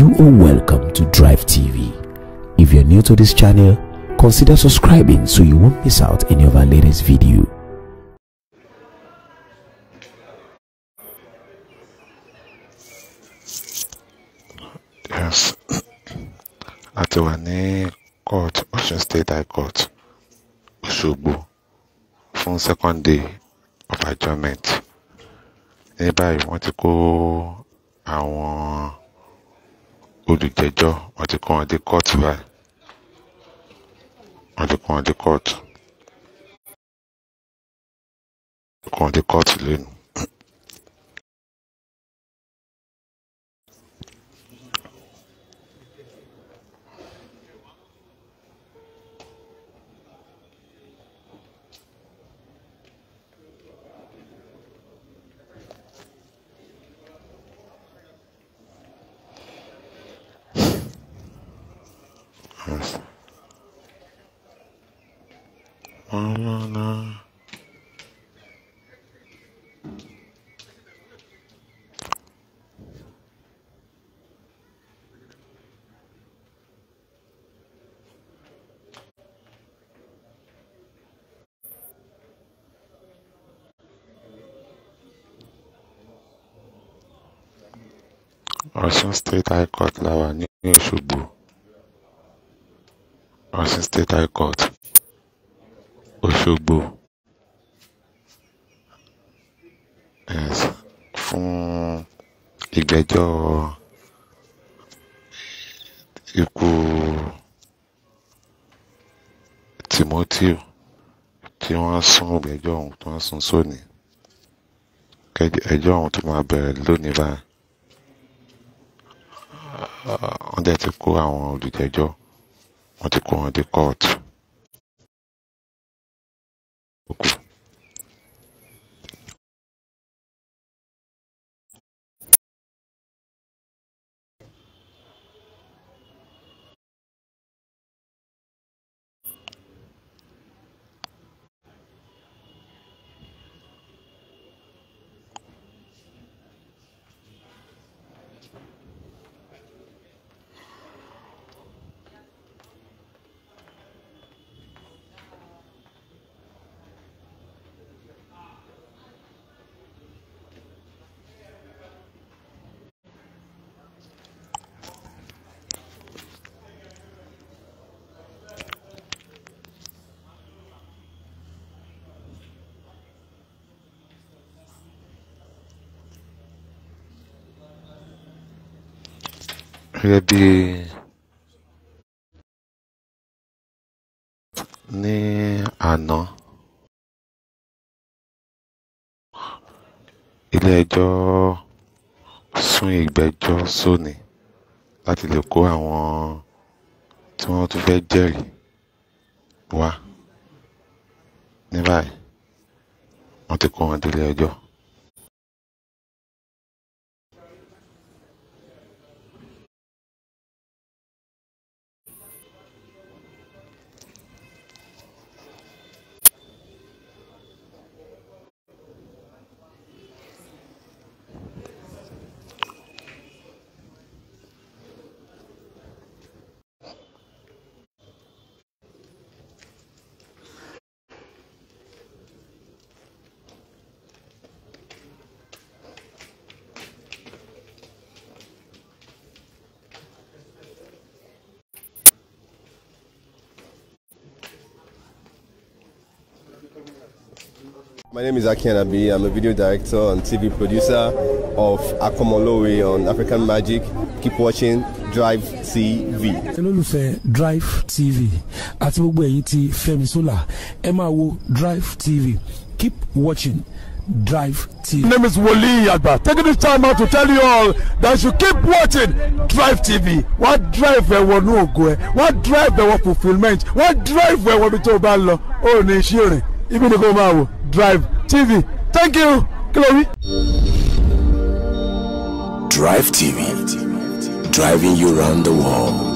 You are welcome to Drive TV. If you're new to this channel, consider subscribing so you won't miss out any of our latest video. Yes, at one Court, Ocean State High Court, Osogbo, from second day of adjournment. Anybody want to go? I want. olùjẹ́jọ́ wọ́n ti kó wọn court. kóòtù báyìí wọ́n ti kó wọn dé kóòtù wọ́n ti kó wọn I Mama, nah. Osun State High Court la ní Osun State High Court, Òṣogbo yes, fún ìgbẹ́jọ́ ikú Timothy tí wọ́n sún ìgbẹ́jọ́ ọ̀hún tí wọ́n sún sóní. Ẹjọ́ ọ̀hún tó máa bẹ̀rẹ̀ lónìí báyìí. Wọ́n dẹ̀ ti kó àwọn olùjẹ́jọ́. Wọ́n ti kó wọn dé kóòtù gẹ́gẹ́ bí ní àná ilé-ẹjọ́ sún ìgbẹ́jọ́ sóní láti lè kó àwọn tí wọ́n tún fẹ́ jẹ́rìí wá ní báyìí wọ́n ti kó wọn délé ẹjọ́. My name is Akian Anabi. I'm a video director and TV producer of Akomolowe on African Magic. Keep watching Drive TV. Hello, Drive TV àti gbogbo ẹ̀yin tí Fẹ́mi Sola ẹ Drive TV keep watching Drive TV. My name is Wole Agba taking this time out to tell you all that you keep watching Drive TV What drive ẹ̀wọ̀ ní ògo go? What drive ẹ̀wọ̀ fulfilment What drive will be tó o bá lọ ó ní drive tv thank you kí drive tv driving you round the world.